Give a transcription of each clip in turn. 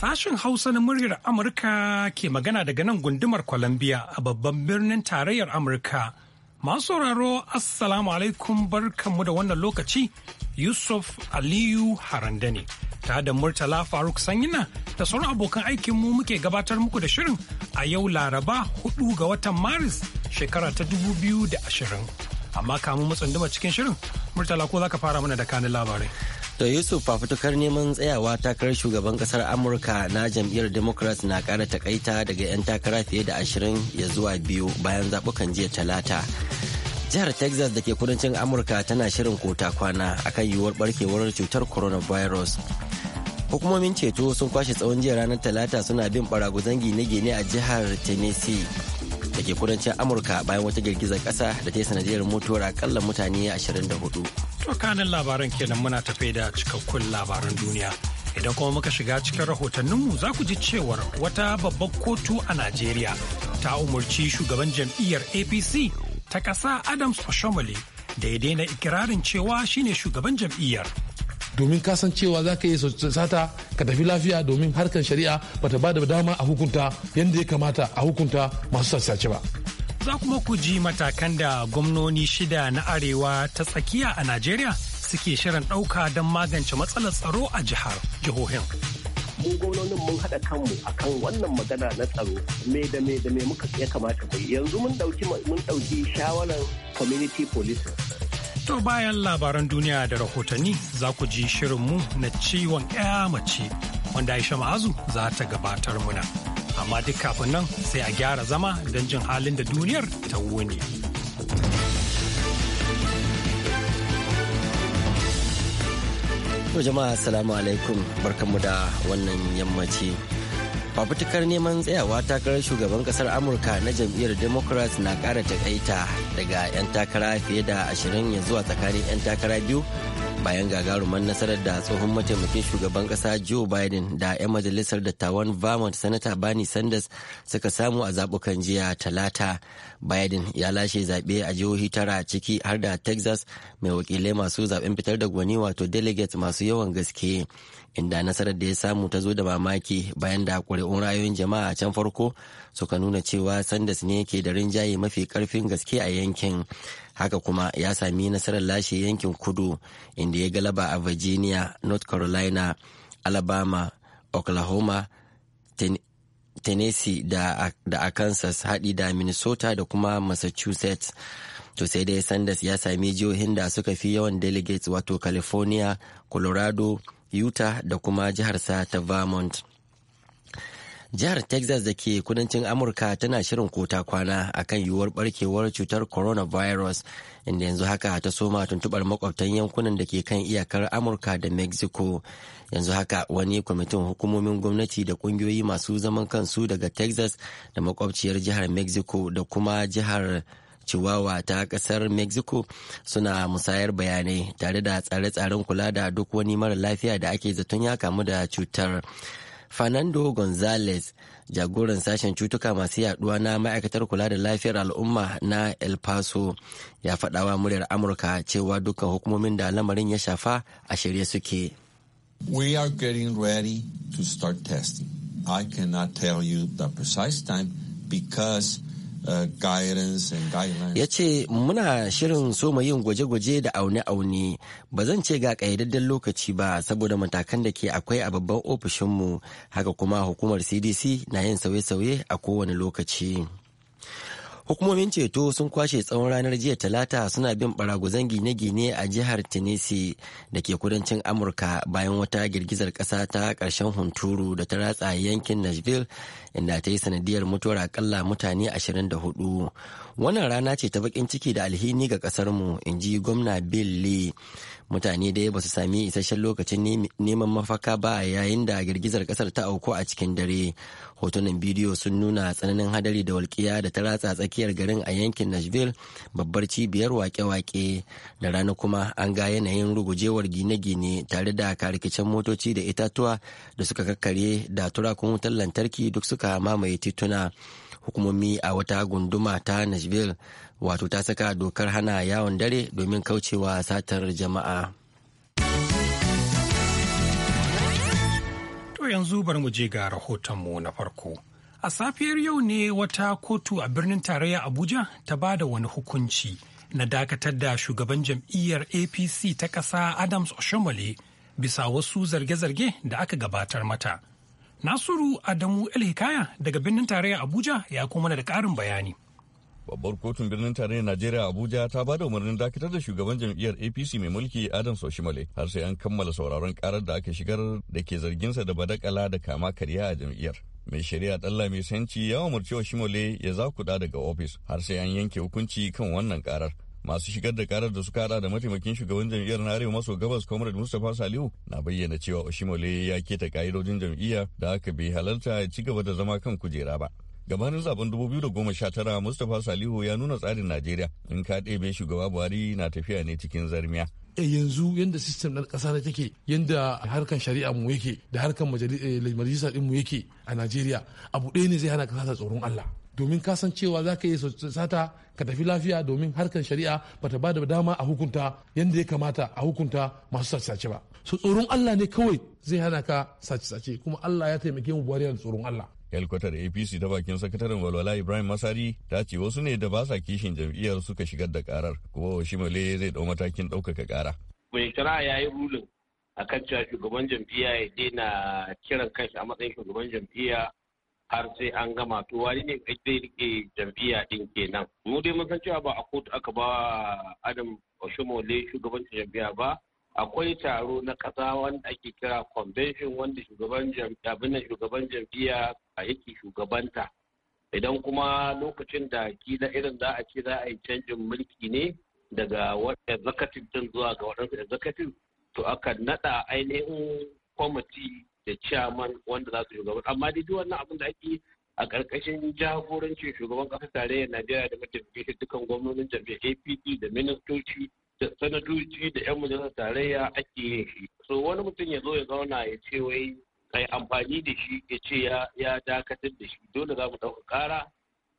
Sashen Hausa na muryar Amurka ke magana daga nan gundumar Columbia a babban birnin tarayyar Amurka. Masu sauraro Assalamu alaikum barkanmu da wannan lokaci Yusuf Aliyu Haranda ne. Ta da Murtala Faruk Sanyina da sauran abokan aikinmu muke gabatar muku da shirin a yau Laraba 4 ga watan Maris shekara ta 2020. Amma kamun mu tsunduma cikin shirin, Murtala ko za ka fara mana da kanin labarai. To Yusuf fafutukar neman tsayawa takarar shugaban kasar Amurka na jam'iyyar Democrats na kara takaita daga 'yan takara fiye da ashirin ya zuwa biyu bayan zaɓukan jiya talata. Jihar Texas da ke kudancin Amurka tana shirin kota kwana akan yiwuwar barkewar cutar coronavirus. Hukumomin ceto sun kwashe tsawon jiya ranar talata suna bin baraguzan na gine a jihar Tennessee da ke kudancin amurka bayan wata girgizar kasa da ta yi sanadiyar mutuwar akalla mutane 24 to kanin labaran kenan muna tafe da cikakkun labaran duniya idan kuma muka shiga cikin rahotanninmu za ku ji cewar wata babbar kotu a najeriya ta umarci shugaban jam'iyyar apc ta ƙasa adams oshomole da ya daina ikirarin cewa shine shugaban jam'iyyar domin ka san cewa za ka yi sata ka tafi lafiya domin harkar shari'a bata ta bada dama a hukunta yadda ya kamata a hukunta masu sassace ba za kuma ku ji matakan da gwamnoni shida na arewa ta tsakiya a najeriya suke shirin ɗauka don magance matsalar tsaro a jihar jihohin mu gwamnonin mun haɗa kanmu a kan wannan magana na tsaro me da me da me muka ya kamata mu yanzu mun ɗauki shawarar community policing To bayan labaran duniya da rahotanni za ku ji shirinmu na ciwon ya mace wanda Aisha Ma'azu za ta gabatar muna. Amma duk kafin nan sai a gyara zama don jin halin da duniyar ta wuni. To jama'a salamu alaikum barkanmu da wannan yammaci. fafutukar neman tsayawa takarar shugaban kasar amurka na jam'iyyar democrats na kara takaita daga 'yan takara fiye da ashirin ya zuwa tsakanin 'yan takara biyu bayan gagarumar nasarar da tsohon mataimakin shugaban kasa joe biden da 'yan majalisar dattawan vermont sanata bernie sanders suka samu a zabukan jiya talata biden ya lashe zaɓe a jihohi tara ciki har da texas mai wakilai masu zaben fitar da gwani wato delegates masu yawan gaske inda nasarar da ya samu ta zo da mamaki bayan da ƙuri'un ra'ayoyin jama'a a can farko suka nuna cewa sanders ne ke da rinjaye mafi ƙarfin gaske a yankin haka kuma ya sami nasarar lashe yankin kudu inda ya galaba a virginia north carolina alabama oklahoma tennessee da, da arkansas haɗi da minnesota da kuma massachusetts to sai dai sanders ya sami jihohin da suka fi yawan delegates wato california colorado utah da kuma jiharsa ta vermont jihar texas da ke kudancin amurka tana shirin kota kwana kan yiwuwar barkewar cutar coronavirus inda yanzu haka ta soma tuntubar makwabtan yankunan da ke kan iyakar amurka da mexico yanzu haka wani kwamitin hukumomin gwamnati da kungiyoyi masu zaman kansu daga texas da makwabciyar jihar mexico da kuma jihar Chihuahua ta kasar Mexico suna musayar bayanai tare da tsare-tsaren kula da duk wani mara lafiya da ake zaton ya kamu da cutar. Fernando Gonzalez jagoran sashen cutuka masu yaduwa na ma'aikatar kula da lafiyar al'umma na El Paso ya faɗawa muryar Amurka cewa dukkan hukumomin da lamarin ya shafa a shirye suke. We are getting ready to start testing. I cannot tell you the precise time because Uh, ya ce muna shirin soma yin gwaje-gwaje da aune-aune ba zan ce ga ƙayyadadden lokaci ba saboda matakan da ke akwai a babban ofishinmu haka kuma hukumar cdc na yin sauye-sauye a kowane lokaci hukumomin ceto sun kwashe tsawon ranar jiya talata suna bin baraguzan gine-gine a jihar tennessee da ke kudancin amurka bayan wata girgizar ƙasa ta ƙarshen hunturu da ta ratsa yankin nashville inda ta yi sanadiyar mutuwar akalla mutane 24 wannan rana ce ta bakin ciki da alhini ga kasarmu in ji gwamna bill lee mutane da ba su sami isasshen lokacin neman mafaka ba yayin da girgizar kasar ta auku a cikin dare hotunan bidiyo sun nuna tsananin hadari da walƙiya da ta ratsa tsakiyar garin a yankin nashville babbar cibiyar wake-wake da rana kuma an ga yanayin rugujewar gine-gine tare da karikicen motoci da itatuwa da suka kakkare da turakun wutar lantarki duk suka suka mamaye tituna hukumomi a wata gunduma ta nashville wato ta saka dokar hana yawon dare domin kaucewa satar jama'a to yanzu bari mu je ga rahotonmu na farko a safiyar yau ne wata kotu a birnin tarayya abuja ta ba da wani hukunci na dakatar da shugaban jam'iyyar apc ta ƙasa adams oshomole bisa wasu zarge-zarge da aka gabatar mata Nasiru Adamu Elhikaya daga birnin tarayya Abuja ya kuma da ƙarin bayani. Babbar kotun birnin tarayyar Najeriya Abuja ta ba da umarnin dakatar da shugaban jam'iyyar APC mai mulki Adam Soshimale har sai an kammala sauraron karar da aka shigar da ke zarginsa da badakala da kama karya a jam'iyyar. Mai shari'a Dalla mai sanci ya umarci wa Shimole ya zakuda daga ofis har sai an yanke hukunci kan wannan karar. masu shigar da karar da suka hada da mataimakin shugaban jam'iyyar na arewa maso gabas comrade mustapha salihu na bayyana cewa oshimole ya ke ta ka'idojin jam'iyya da aka bai halarta ya ci gaba da zama kan kujera ba gabanin zaben 2019 mustapha salihu ya nuna tsarin najeriya in ka ɗebe shugaba buhari na tafiya ne cikin zarmiya eh, yanzu yadda sistem na kasa na take yadda harkan shari'a mu yake da harkan eh, majalisar din mu yake a najeriya abu ɗaya ne zai hana ta tsoron allah domin ka san cewa za ka yi sata ka tafi lafiya domin harkar shari'a ba ta bada dama a hukunta yadda ya kamata a hukunta masu sace-sace ba su tsoron Allah ne kawai zai hana ka sace-sace kuma Allah ya taimake mu buhari da tsoron Allah Helkwatar apc ta bakin sakataren walwala ibrahim masari ta ce wasu ne da ba sa kishin jam'iyyar suka shigar da karar kuma shimale zai dau matakin ɗaukaka kara mai kira ya yi rulin a kan cewa shugaban jam'iyya ya daina kiran kai a matsayin shugaban jam'iyya har sai an gama to wani ne zai rike jam'iyya din kenan mu dai mun san cewa ba a kotu aka ba adam oshomole shugabancin jam'iyya ba akwai taro na kasa wanda ake kira convention wanda shugaban jam'iyya shugaban jam'iyya yake shugabanta idan kuma lokacin da kila irin za a ce za a yi canjin mulki ne daga executive din zuwa ga waɗansu executive to aka nada ainihin kwamiti da chairman wanda za su shugaban amma dai duk wannan abin da ake a ƙarƙashin jagorancin shugaban ƙasar tarayyar Najeriya da mataimakin dukkan gwamnonin jami'a APC da ministoci da sanatoci da 'yan majalisar tarayya ake yin shi. So wani mutum ya zo ya zauna ya ce wai kai amfani da shi ya ce ya dakatar da shi dole za mu ɗauka ƙara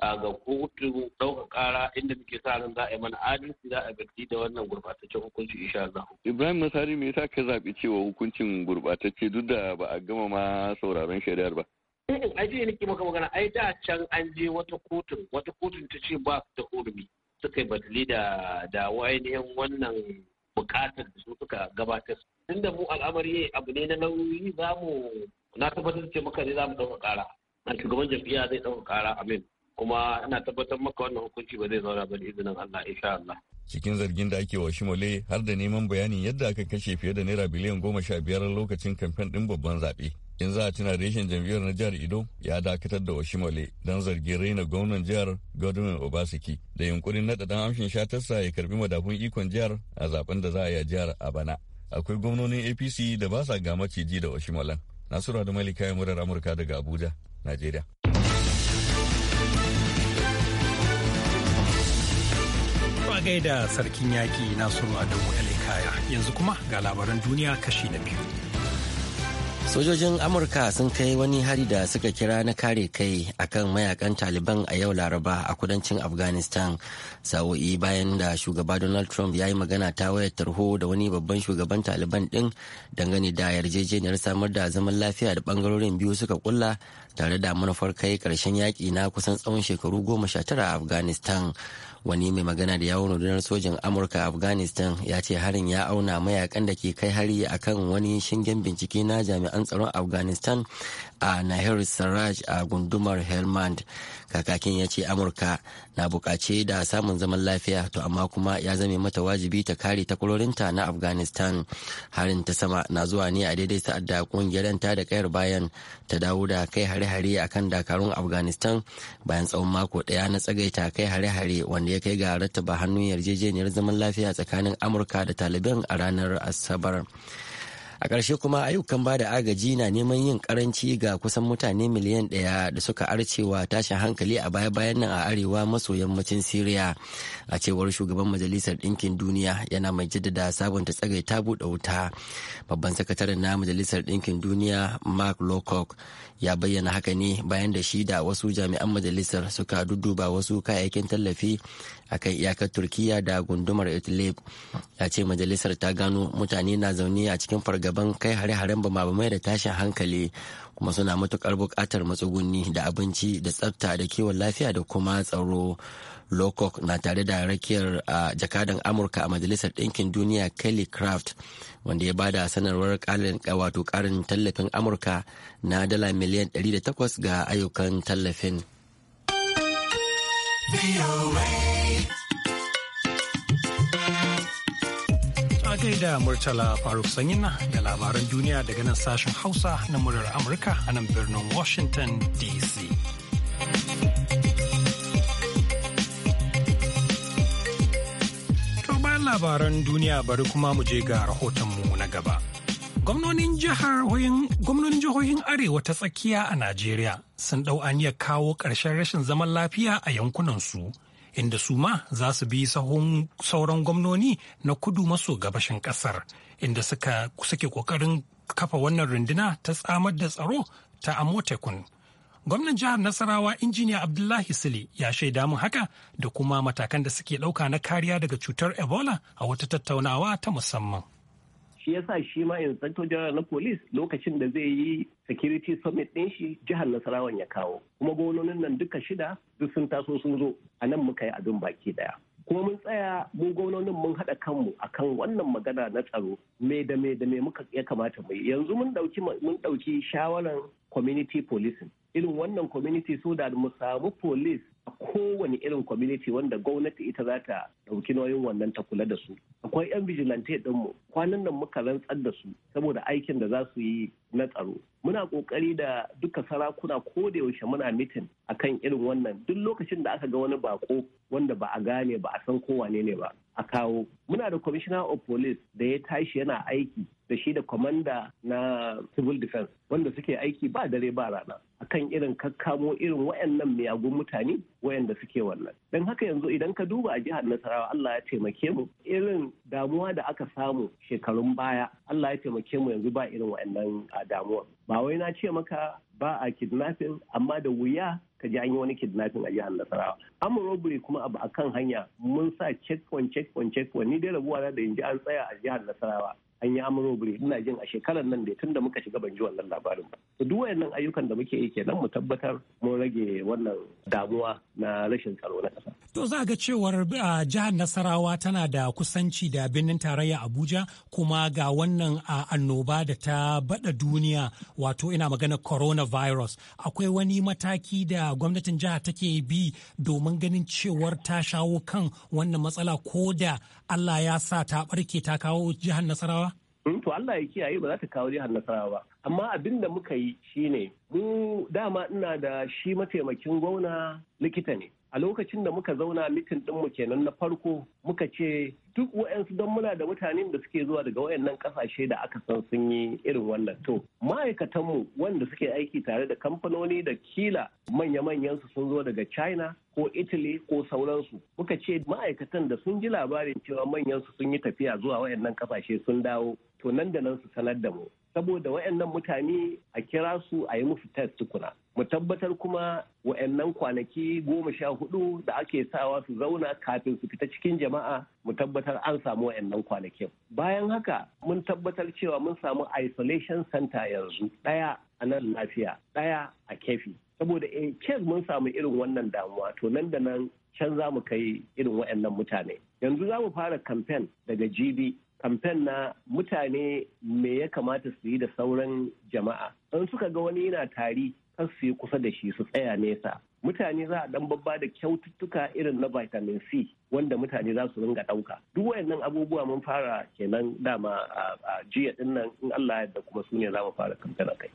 ga kotu ɗaukar ƙara inda muke sa ran za a yi mana adalci za a gaji da wannan gurɓataccen hukunci insha Allah. Ibrahim Musari me yasa ka zaɓi cewa hukuncin gurɓatacce duk da ba a gama ma sauraron shari'ar ba? Eh, eh ai je nake maka magana ai da can an je wata kotun wata kotun ta ce ba da hurumi suka yi batali da da ainihin wannan bukatar da su suka gabatar. Tunda mu al'amari abu ne na nauyi za mu na tabbatar ce maka ne za mu ɗauka ƙara. Na shugaban jam'iyya zai ɗauka ƙara amin. kuma ina tabbatar maka wannan hukunci ba zai zauna ba da izinin Allah insha Allah. Cikin zargin da ake wa Shimole har da neman bayanin yadda aka kashe fiye da naira biliyan goma sha biyar lokacin kamfen din babban zaɓe. In za a tuna reshen jam'iyyar na jihar Ido ya dakatar da Oshimole don zargin raina gwamnan jihar Godwin obasiki da yunkurin naɗa ɗan amshin shatarsa ya karbi madafun ikon jihar a zaben da za a yi a jihar a bana. Akwai gwamnonin APC da ba sa ga maciji da Oshimolan. Nasiru da Malika kayan murar Amurka daga Abuja, Najeriya. kai da sarkin yaƙi na a Adamu Kaya yanzu kuma ga labaran duniya kashi na biyu. Sojojin Amurka sun kai wani hari da suka kira na kare kai a kan mayakan Taliban a yau Laraba a kudancin Afghanistan sa'o'i bayan da shugaba Donald Trump ya yi magana ta wayar tarho da wani babban shugaban Taliban din dangane da yarjejeniyar samar da zaman lafiya da bangarorin biyu suka kulla tare da manufar kai karshen yaƙi na kusan tsawon shekaru goma sha tara a Afghanistan. wani mai magana da yawon rundunar sojin amurka afghanistan ya ce harin ya auna mayakan da ke kai hari a kan wani shingen bincike na jami'an tsaron afghanistan a nahir sarraj a gundumar helmand kakakin ya ce amurka na bukaci da samun zaman lafiya to amma kuma ya zame mata wajibi ta kare takwarorinta na afghanistan harin ta sama na zuwa ne a daidai sa'ad da kungiyar ta da kayar bayan ta dawo da kai hare-hare a kan dakarun afghanistan bayan tsawon mako daya na tsagaita kai hare-hare wanda ya kai ga rattaba hannun yarjejeniyar zaman lafiya tsakanin amurka da taliban a ranar asabar. a ƙarshe kuma ayyukan ba da agaji na neman yin karanci ga kusan mutane miliyan ɗaya da suka arcewa tashin hankali a baya-bayan nan a arewa maso yammacin siriya a cewar shugaban majalisar ɗinkin duniya yana mai jaddada sabunta tsagai ta buɗe wuta babban sakataren na majalisar ɗinkin duniya mark lowcock ya bayyana haka ne bayan da shi da wasu jami'an majalisar suka dudduba wasu kayayyakin tallafi akan iyakar turkiya da gundumar idlib ya ce majalisar ta gano mutane na zaune a cikin fargaban kai hare-haren bama da tashin hankali kuma suna matukar buƙatar matsuguni da abinci da tsafta da kiwon lafiya da kuma tsaro lokok na tare da rakiyar a jakadan Amurka a Majalisar Ɗinkin Duniya Kelly Craft wanda ya bada sanarwar wato karin tallafin Amurka na dala miliyan 108 ga ayyukan tallafin. da Murtala Faruk Sanyina da labaran duniya daga nan sashen Hausa na murar Amurka a nan birnin Washington DC. To bayan labaran duniya bari kuma mu je ga rahotonmu na gaba. Gwamnonin jihohin Arewa ta tsakiya a Najeriya sun ɗau aniyar kawo ƙarshen rashin zaman lafiya a yankunansu. su. inda su ma za su bi sauran gwamnoni na kudu maso gabashin kasar inda suka suke kokarin kafa wannan runduna ta tsamar da tsaro ta amotekun gwamnan jihar nasarawa injiniya abdullahi Sule ya shaida mun haka da kuma matakan da suke ɗauka na kariya daga cutar ebola a wata tattaunawa ta musamman shi yasa shi ma inspector general na police lokacin da zai yi security summit din shi jihar nasarawan ya kawo kuma gononin nan duka shida duk sun taso sun zo a nan muka yi abin baki daya kuma mun tsaya mu gwamnonin mun haɗa kanmu akan wannan magana na tsaro me da me da me muka ya kamata mu yanzu mun ɗauki mun dauki shawaran community policing irin wannan community so da mu samu police a kowane irin community wanda gwamnati ita za ta ɗauki nauyin wannan ta kula da su akwai yan vigilante ɗinmu kwanan nan muka rantsar da su saboda aikin da za su yi na tsaro muna kokari da duka sarakuna ko da yaushe muna mitin akan irin wannan duk lokacin da aka ga wani bako wanda ba a gane ba a san ko wane ne ba a kawo muna da commissioner of police da ya tashi yana aiki da shi da kwamanda na civil defense wanda suke aiki ba dare ba rana akan irin kakkamo irin wayannan miyagun mutane wayanda suke wannan don haka yanzu idan ka duba a jihar nasarawa Allah ya taimake mu irin damuwa da aka samu shekarun baya Allah ya taimake mu yanzu ba irin wayannan damuwa ba wai na ce maka ba a kidnapping amma da wuya ka ji an yi wani kidnapping a jihar Nasarawa. An robbery kuma abu a hanya mun sa checkpoint checkpoint checkpoint ni dai rabuwa da in ji an tsaya a jihar Nasarawa an yi amuro amurobiri ina jin a shekarar nan tun da muka shiga ban ji wannan labarin ba to duk wayannan ayyukan da muke yi kenan mu tabbatar mu rage wannan damuwa na rashin tsaro na kasa to za ga cewar jihar Nasarawa tana da kusanci da birnin tarayya Abuja kuma ga wannan annoba da ta bada duniya wato ina magana coronavirus akwai wani mataki da gwamnatin jihar take bi domin ganin cewar ta shawo kan wannan matsala ko da Allah ya sa ta barke ta kawo jihar Nasarawa? Mm, to Allah ya kiyaye ba za ta kawo jihar Nasarawa ba. Amma abin da muka yi shine mu dama ina da shi mataimakin gwamna likita ne. a lokacin da muka zauna mitin ɗinmu kenan na farko muka ce duk wa'yansu don muna da mutanen da suke zuwa daga wayannan kasashe da aka san sun yi irin wannan to ma'aikatanmu wanda suke aiki tare da kamfanoni da kila manya-manyansu sun zo daga china ko italy ko sauransu muka ce ma'aikatan da sun ji labarin cewa manyansu sun yi tafiya zuwa wayannan kasashe sun dawo to nan da nan su sanar da mu saboda wayannan mutane a kira su a yi musu test tukuna mu tabbatar kuma waɗannan kwanaki goma sha hudu da ake sawa su zauna kafin su fita cikin jama'a mu tabbatar an samu wayannan kwanakin bayan haka mun tabbatar cewa mun samu isolation center yanzu ɗaya a nan lafiya ɗaya a kefi saboda in eh, kes mun samu irin wannan damuwa to nan da nan can za mu kai irin waɗannan mutane yanzu za mu fara kamfen daga jibi. kamfen na mutane me ya kamata su yi da sauran jama'a in suka ga wani yana tari kan su yi kusa da shi su tsaya nesa mutane za a dan babba da kyaututtuka irin na vitamin c wanda mutane za su ringa ɗauka duk wayannan abubuwa mun fara kenan dama a jiya din nan in allah da kuma su ne za mu fara kamfen a kai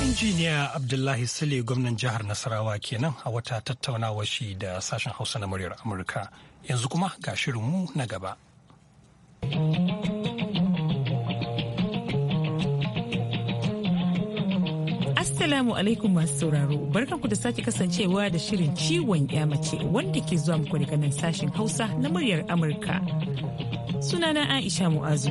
injiniya abdullahi sule gwamnan jihar nasarawa kenan a wata tattaunawa shi da sashen hausa na muryar amurka yanzu kuma ga shirinmu na gaba. Assalamu alaikum masu sauraro barkanku da sake kasancewa da shirin ciwon mace wanda ke zuwa muku daga nan sashen Hausa na muryar Amurka. Sunana Aisha Mu'azu.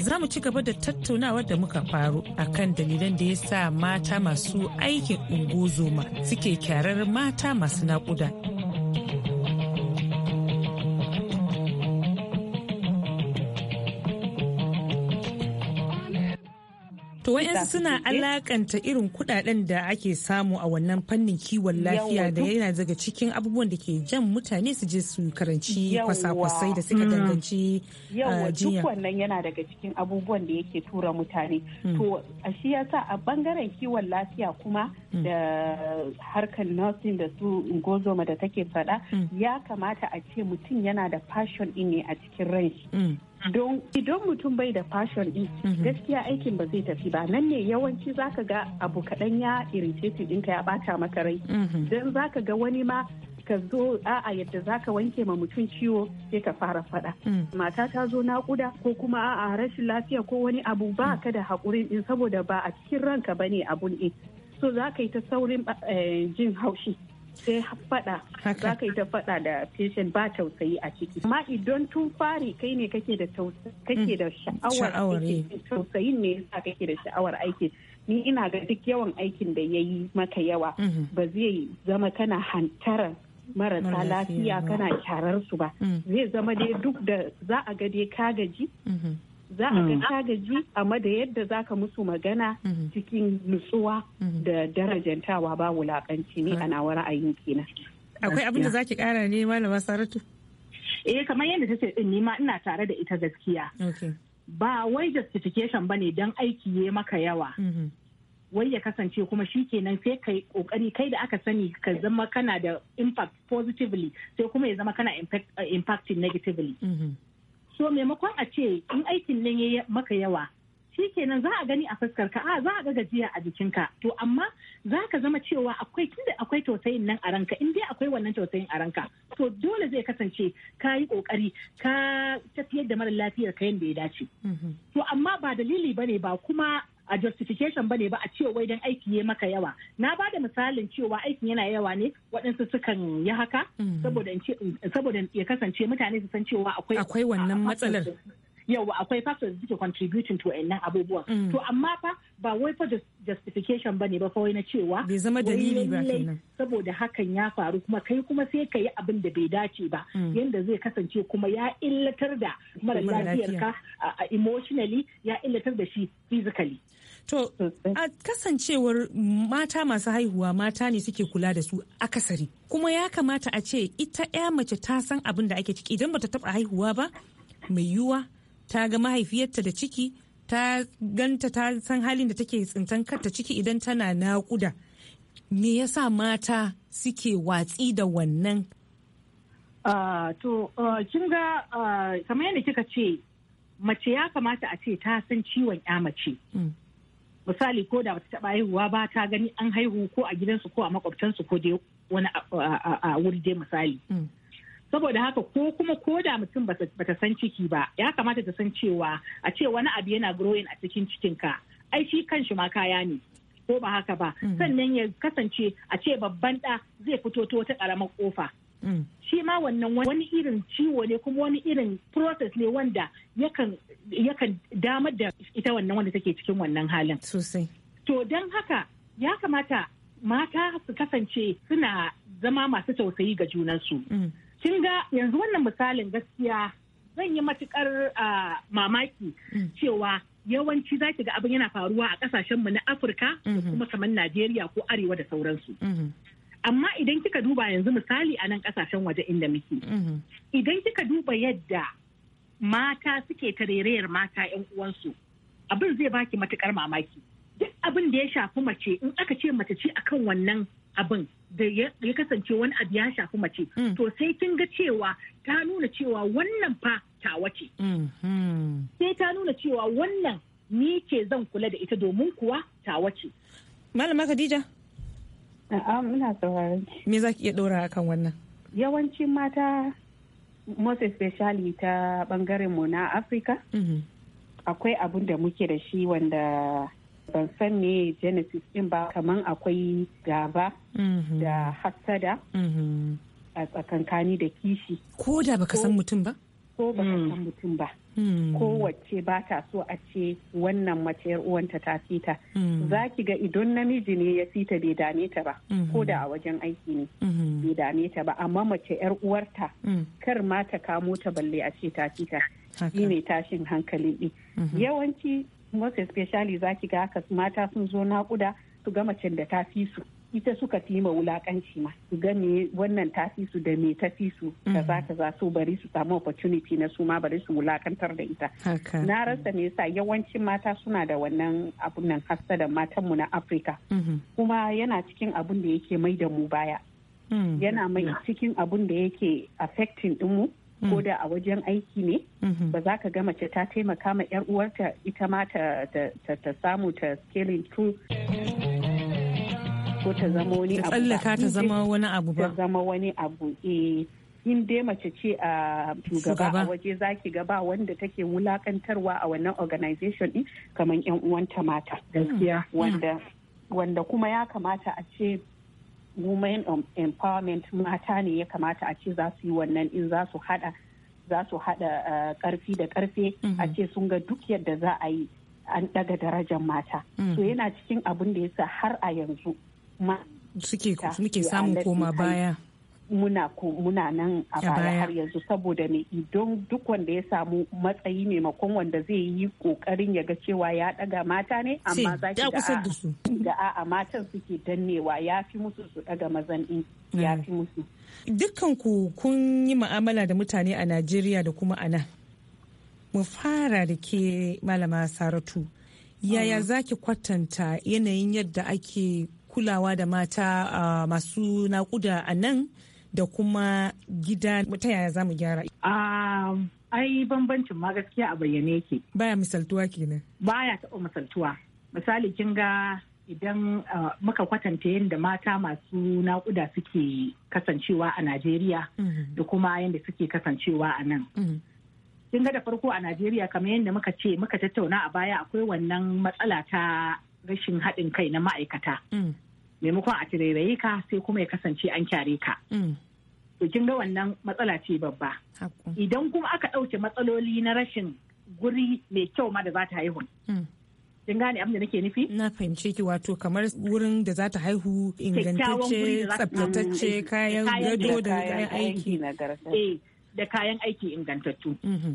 za mu ci gaba da tattaunawar da muka faru a kan dalilan da ya sa mata masu aikin ungozoma suke kyarar mata masu naƙuda To wayansu suna alakanta irin kudaden da ake samu a wannan fannin kiwon lafiya da yana daga cikin abubuwan da ke jan mutane su je su karanci kwasa-kwasai da suka mm. danganci uh, jinya. duk wannan yana daga cikin abubuwan da yake tura mutane. Mm. To a shi yasa a bangaren kiwon lafiya kuma mm. da harkar nursing da su ngozoma da take faɗa ya kamata a ce mutum yana da passion ne a cikin shi. don idan mutum bai da fashon din mhm. gaskiya aikin ba zai tafi ba nan ne yawanci zaka ga abu kaɗan ya irritating ɗinka ya bata maka rai mhm. don zaka ga wani ma ka zo a'a yadda zaka wanke ma mutum ciwo sai ka fara faɗa. Mm. Mata ta zo naƙuda ko kuma a'a rashin lafiya ko wani abu ba ka da haƙurin din saboda ba a cikin ranka bane abun din. So za yi ta saurin eh, jin haushi. sai faɗa za ka yi ta faɗa da patient ba tausayi a ciki amma idan tun fari kai ne kake da kake da mm. sha'awar eh. tausayin ne yasa kake da sha'awar aiki ni ina ga duk yawan aikin da ya yi maka yawa mm-hmm. ba zai zama kana hantara marasa lafiya kana kyarar su ba mm. zai zama dai duk da za a ga dai ka gaji mm-hmm. za a ga ka mm. gaji amma da yadda za ka musu magana mm-hmm. cikin nutsuwa mm-hmm. da darajantawa ba wulakanci ne a nawa ra'ayin kenan. Akwai abin da za ki kara ne malama Saratu? Eh kamar yadda ta ce din ni ma ina tare da ita gaskiya. Ba wai justification ba ne dan aiki ya maka yawa. Mm-hmm. wai ya kasance kuma shi kenan sai kai kokari kai da aka sani ka zama kana da impact positively sai kuma ya zama kana impact eh, negatively. to maimakon a ce in aikin nan ya maka yawa shikenan za a gani a fuskar ka a za a ga gajiya a jikinka to amma za ka zama cewa akwai tunda akwai tausayin nan a ranka in dai akwai wannan tausayin a ranka to dole zai kasance ka yi kokari ka tafiyar da mara lafiyar ka yadda ya dace mm-hmm. to amma ba dalili bane ba kuma a justification bane ba a ce wai dan aiki ya maka yawa na ba da misalin cewa aikin yana yawa ne waɗansu sukan yi haka mm. saboda ya kasance mutane su san cewa akwai akwai wannan matsalar yawa akwai factors da suke contributing to wannan abubuwan mm. to amma fa ba wai fa justification bane ba kawai na cewa bai zama dalili ba kenan saboda hakan ya faru kuma kai kuma sai ka yi abin da bai dace ba mm. yanda zai kasance kuma ya illatar da mara lafiyarka emotionally ya illatar da shi physically To, a kasancewar mata masu haihuwa mata ne suke kula da su akasari. Kuma ya kamata a ce ita 'ya mace ta san abin da ake ciki idan ba ta taba haihuwa ba mai yiwuwa ta ga mahaifiyarta da ciki ta ganta ta san halin da take tsintan karta ciki idan tana naƙuda. Me yasa mata suke watsi da wannan? to, kin ga kamar yadda kika ce mace ya kamata a ce ta san ciwon ya mace. Mm. misali ko da bata taba haihuwa ba ta gani an haihu ko a gidansu ko a makwabtansu ko dai wani a wuri dai misali mm. saboda haka ko kuma ko da mutum bata san ciki ba ya kamata ta san cewa a ce wani abu yana growing a cikin cikinka ai shi kanshi ma kaya ne ko ba haka ba mm. sannan ya kasance a ce babban ɗa zai fito ta wata ƙaramar ƙofa shi ma wannan wani irin ciwo ne kuma wani irin process ne wanda yakan damar da ita wannan wanda take cikin wannan halin sosai to don haka ya kamata mata su kasance suna zama masu tausayi ga junansu mm. kin ga yanzu wannan misalin gaskiya zan yi matukar mamaki mm. cewa yawanci za ki ga abin yana faruwa a kasashenmu na afirka mm-hmm. kuma kamar najeriya ko arewa da sauransu mm-hmm. amma idan kika duba yanzu misali a nan kasashen waje inda muke mhm. idan kika duba yadda mata suke ta rairayar mata 'yan uwansu abin zai baki matukar mamaki duk abin da ya shafi mace in aka ce mace ce akan wannan abin da ya kasance wani abu ya shafi mace mm. to sai kin ga cewa ta nuna cewa wannan fa tawa ce mhm. sai ta nuna cewa wannan ni ke zan kula da ita domin kuwa tawa ce malama khadija A'a muna saurari. Me za ki iya ɗora akan wannan? Yawancin mata most especially ta ɓangaren mu na Afrika. Mm-hmm. Akwai abun da muke da shi wanda ban san ne genesis ɗin ba kaman akwai gaba mm-hmm. da hassada mm-hmm. a tsakankani da kishi. Ko da baka san mutum ba? ko ba hmm. san mutum ba hmm. kowace ba ta so a ce wannan mace yar uwanta ta fita hmm. za ki ga idon namiji ne ya fita bai dame ta ba ko da a wajen aiki ne bai dame ta ba amma mace yar uwarta kar ma ta kamo ta balle a ce ta fita shi ne tashin hankali ne yawanci most especially za ki ga haka mata sun zo naƙuda su ga macen da ta fi su ita suka fi ma wulakanci ma su gane wannan tafi su da me tafi su mm. ta za so bari su samu opportunity na su ma bari su wulakantar da ita na rasa me yasa yawancin mata suna da wannan abun nan hassada matan mu na Africa mm-hmm. kuma yana cikin abun da yake mai da mu baya mm. yana mai cikin abun da yake affecting din mu mm. ko da a wajen aiki ne mm-hmm. ba za ka ga mace ta taimaka ma 'yar uwarta ita ma ta samu ta scaling through ko ta zama wani abu tsallaka ta zama wani abu ba ta zama wani abu eh in dai mace ce a shugaba a waje zaki ga ba wanda take wulakantarwa a wannan organization din kamar yan uwanta mata gaskiya mm. wanda wanda kuma ya kamata a ce women empowerment mata ne ya kamata a ce za su yi wannan in za su hada za su hada karfi da karfe a mm-hmm. ce sun ga duk yadda za a yi an daga darajar mata mm. so yana cikin abin da ya sa har a yanzu suke muke samun koma baya muna muna nan a baya har yanzu saboda ne idan duk wanda ya samu matsayi maimakon wanda zai yi kokarin ya ga cewa ya daga mata ne amma za ki da a a matan suke dannewa ya fi musu su daga mazan din ya eh. fi musu dukkan ku kun yi mu'amala da mutane a Najeriya da kuma a mu fara da ke malama Saratu yaya zaki kwatanta yanayin yadda ake kulawa da mata masu nakuda a nan da kuma gida ta yaya za mu gyara? ai bambancin ma gaskiya a bayyane yake. Baya misaltuwa kenan. Baya taɓa misaltuwa. Misali kin ga idan muka kwatanta yadda mata masu naƙuda suke kasancewa a Najeriya mhm. da kuma yadda suke kasancewa a nan. Mhm. Kin ga da farko a Najeriya kamar yadda muka ce muka tattauna a baya akwai wannan matsala ta rashin haɗin kai na ma'aikata mm. maimakon a tarairayi ka sai kuma ya kasance an kyare ka mm. to kin ga wannan matsala ce babba idan kuma aka ɗauke matsaloli na rashin guri mai kyau ma da za ta haihu mm. kin gane abin da nake nufi na fahimce ki wato kamar wurin da za ta haihu ingantacce tsaftatacce kayan gado da kayan aiki da kayan aiki ingantattu. Mhm.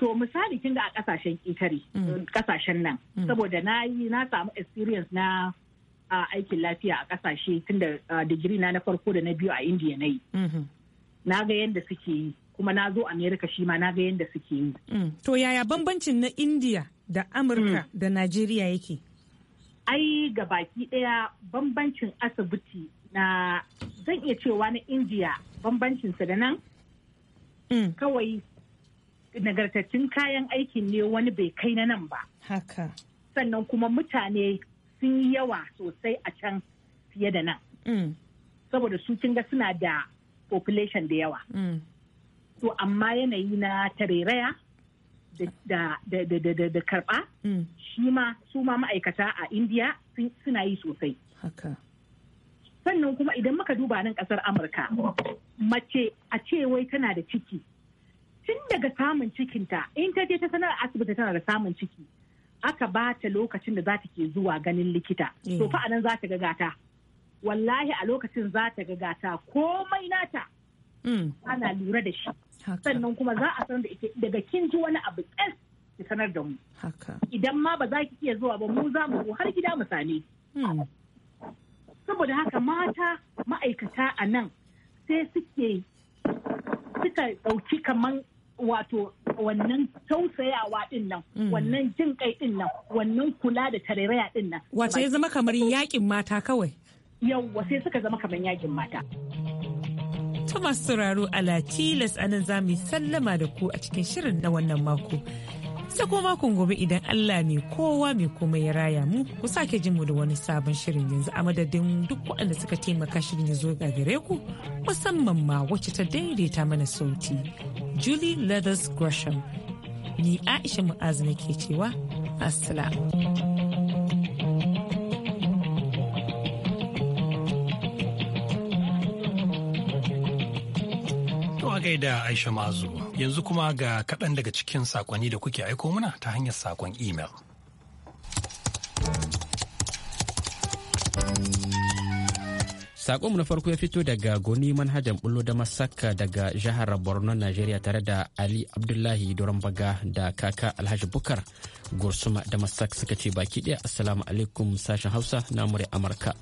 To misali kin ga a kasashen ƙetare, kasashen mhm. nan, mhm. saboda na yi na samu experience na aikin lafiya a kasashe tun da digiri na na farko da na biyu a Indiya na yi. Na ga yadda suke yi, kuma na zo Amerika shi ma na ga yadda suke yi. Mm. To yaya bambancin na Indiya da Amurka mm. da Najeriya yake? Ai ga baki ɗaya bambancin asibiti na zan iya cewa na Indiya bambancinsa da nan Mm. kawai nagartattun kayan aikin ne wani bai kai na nan ba haka sannan kuma mutane sun yi yawa sosai a can fiye da nan mm. saboda su kinga suna da population da yawa mm. to amma yanayi na tarairaya da karɓa. shi ma su ma ma'aikata a indiya suna yi sosai sannan kuma idan muka duba nan kasar amurka mace a ce wai tana da ciki tun daga samun cikinta in ta je ta sanar asibiti tana da samun ciki aka ba ta lokacin da za ta ke zuwa ganin likita eh. to fa anan za ta ga gata wallahi a lokacin za ta ga gata komai nata hmm. ana lura da shi sannan kuma za a sanar da ita daga kin ji wani abu ƙes ki sanar da mu idan ma ba za ki iya zuwa ba mu za mu har gida mu same hmm. saboda haka mata ma'aikata a nan sai suke suka ɗauki kaman wato wannan tausayawa din nan mm. wannan jin kai din nan wannan kula da tarairaya din nan wato ya zama kamar yakin mata kawai yawwa sai suka zama kamar yakin mata ta masu sauraro ala tilas anan za sallama da ku a cikin shirin na wannan mako sai kuma makon gobe idan Allah mai kowa mai komai ya raya mu ku sake jin mu da wani sabon shirin yanzu a madadin duk waɗanda suka taimaka shirin ya zo ga gare ku musamman ma wacce ta daidaita mana sauti Julie Leathers Gresham ni Aisha Mu'azu ke cewa assalamu da Aisha Mazu. Yanzu kuma ga kaɗan daga cikin sakonni da kuke aiko muna ta hanyar sakon imel. Sakonmu na farko ya fito daga goni manhajan bullo da masaka daga jihar Borno, Najeriya tare da Ali Abdullahi Baga da kaka Alhaji Bukar Gursuma da Masak suka ce baki ɗaya Assalamu alaikum sashen Hausa na Amurka.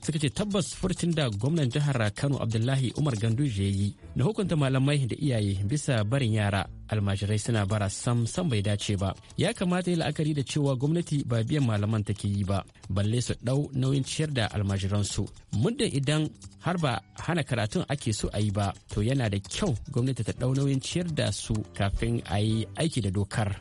suka ce tabbas furcin da gwamnan jihar kano abdullahi umar ganduje ya yi na hukunta malamai da iyaye bisa barin yara almajirai suna bara sam sam bai dace ba ya kamata yi la'akari da cewa gwamnati ba biyan malaman take yi ba balle su ɗau nauyin ciyar da almajiransu muddin idan har ba hana karatun ake so a yi ba to yana da kyau gwamnati ta ɗau nauyin ciyar da su kafin a yi aiki da dokar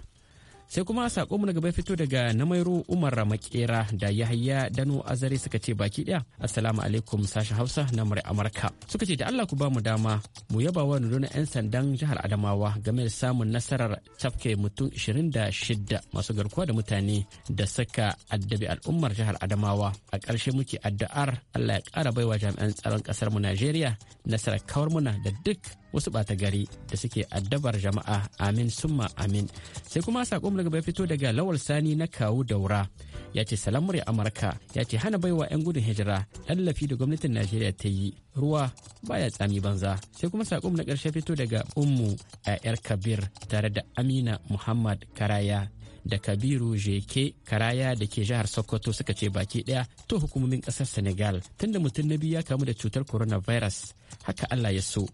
sai kuma mu na gaba fito daga namairu umar makera da yahaya dano azare suka ce baki daya assalamu alaikum sashen hausa na mure amurka suka ce da allah ku ba mu dama mu yaba wa nuna 'yan sandan jihar adamawa game da samun nasarar tafke mutum 26 masu garkuwa da mutane da suka addabi al'ummar jihar adamawa a ƙarshe muke addu'ar allah ya ƙara baiwa jami'an tsaron ƙasar mu najeriya nasarar kawar muna da duk wasu ɓata gari da suke addabar jama'a amin summa amin sai kuma sakon daga bai fito daga lawal sani na kawu daura ya ce salam murya amurka ya ce hana baiwa 'yan gudun hijira tallafi da gwamnatin najeriya ta yi ruwa baya tsami banza sai kuma sakon na ƙarshe fito daga ummu yar kabir tare da amina muhammad karaya da kabiru jeke karaya da ke jihar sokoto suka ce baki ɗaya to hukumomin ƙasar senegal tunda mutum na biyu ya kamu da cutar coronavirus haka allah ya so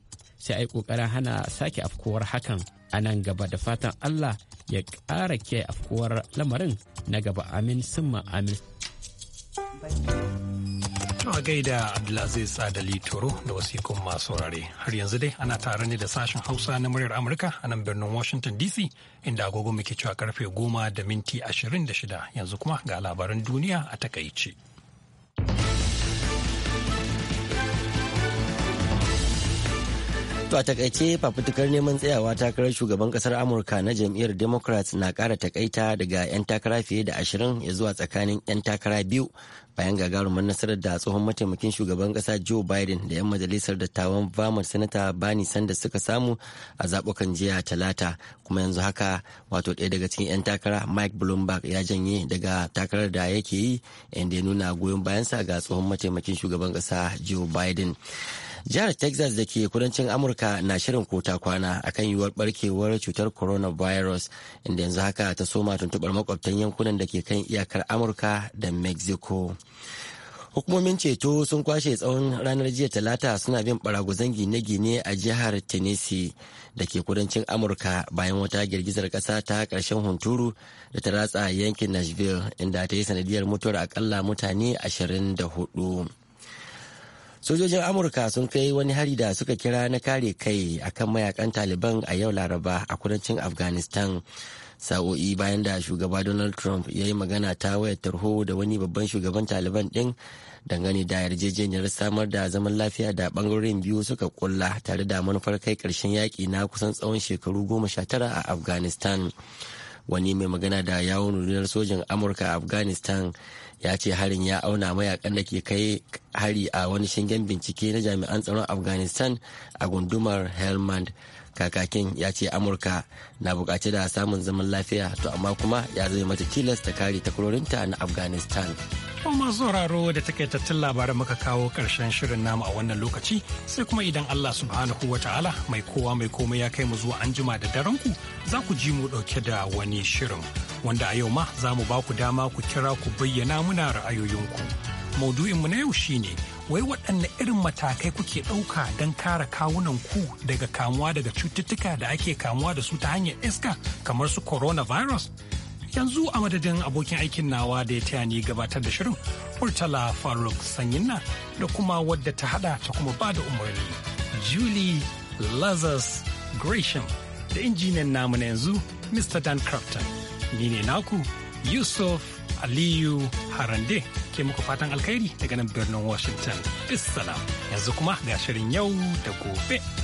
sai a yi ƙoƙarin hana sake afkuwar hakan a nan gaba da fatan Allah ya ƙara ke afkuwar lamarin na gaba amin summa amin. a gaida Abdulaziz Adali Toro da wasikun masu saurare har yanzu dai ana tare ne da sashen Hausa na muryar Amurka a nan birnin Washington DC inda agogo muke cewa karfe goma da minti ashirin da shida yanzu kuma ga labaran duniya a takaice. To a takaice fafutukar neman tsayawa takarar shugaban kasar Amurka na jam'iyyar Democrats na kara takaita daga 'yan takara fiye da ashirin ya zuwa tsakanin 'yan takara biyu bayan gagarumar nasarar da tsohon mataimakin shugaban kasa Joe Biden da 'yan majalisar dattawan Vermont Senator Bernie Sanders suka samu a zaɓukan jiya talata kuma yanzu haka wato ɗaya daga cikin 'yan takara Mike Bloomberg ya janye daga takarar da yake yi inda ya nuna goyon bayansa ga tsohon mataimakin shugaban kasa Joe Biden. jihar texas da ke kudancin amurka na shirin kota kwana akan yiwuwar barkewar cutar coronavirus inda yanzu haka ta soma tuntubar makwabtan yankunan da ke kan iyakar amurka da mexico hukumomin ceto sun kwashe tsawon ranar jiya talata suna bin baraguzan gine-gine a jihar tennessee da ke kudancin amurka bayan wata girgizar kasa ta karshen hunturu da ta ratsa yankin nashville inda ta yi sanadiyar mutuwar akalla mutane 24 sojojin amurka sun kai wani hari da suka kira na kare kai akan mayakan taliban a yau laraba a kudancin afghanistan sa'o'i bayan da shugaba donald trump ya yi magana ta wayar tarho da wani babban shugaban taliban din dangane da yarjejeniyar samar da zaman lafiya da bangarorin biyu suka kulla tare da manufar kai karshen yaƙi na kusan tsawon shekaru goma sha tara a afghanistan wani mai magana da yawon rundunar sojin amurka a afghanistan ya ce harin ya auna mayakan da ke kai hari a wani shingen bincike na jami'an tsaron afghanistan a gundumar helmand kakakin ya ce amurka na bukaci da samun zaman lafiya to amma kuma ya zai mata tilas ta kare takwarorinta na afghanistan kuma sauraro da tattun labaran muka kawo karshen shirin namu a wannan lokaci sai kuma idan allah subhanahu wa ta'ala mai kowa mai komai ya kai mu zuwa anjima da daren ku za ku ji mu dauke da wani shirin wanda a yau ma za mu ba ku dama ku kira ku bayyana muna ra'ayoyinku maudu'inmu na yau shine wai waɗanne irin matakai kuke ɗauka don kare kawunan ku daga kamuwa daga cututtuka da ake kamuwa da su ta hanyar iska kamar su coronavirus yanzu a madadin abokin aikin nawa da ya taya ni gabatar da shirin murtala faruk sanyinna da kuma wadda ta hada ta kuma ba da umarni julie lazarus gresham da injiniyan namu na yanzu mr dan crafton ni ne naku yusuf Aliyu Harande ke muku fatan alkhairi daga nan birnin Washington. Bissalam yanzu kuma ga shirin yau da gobe.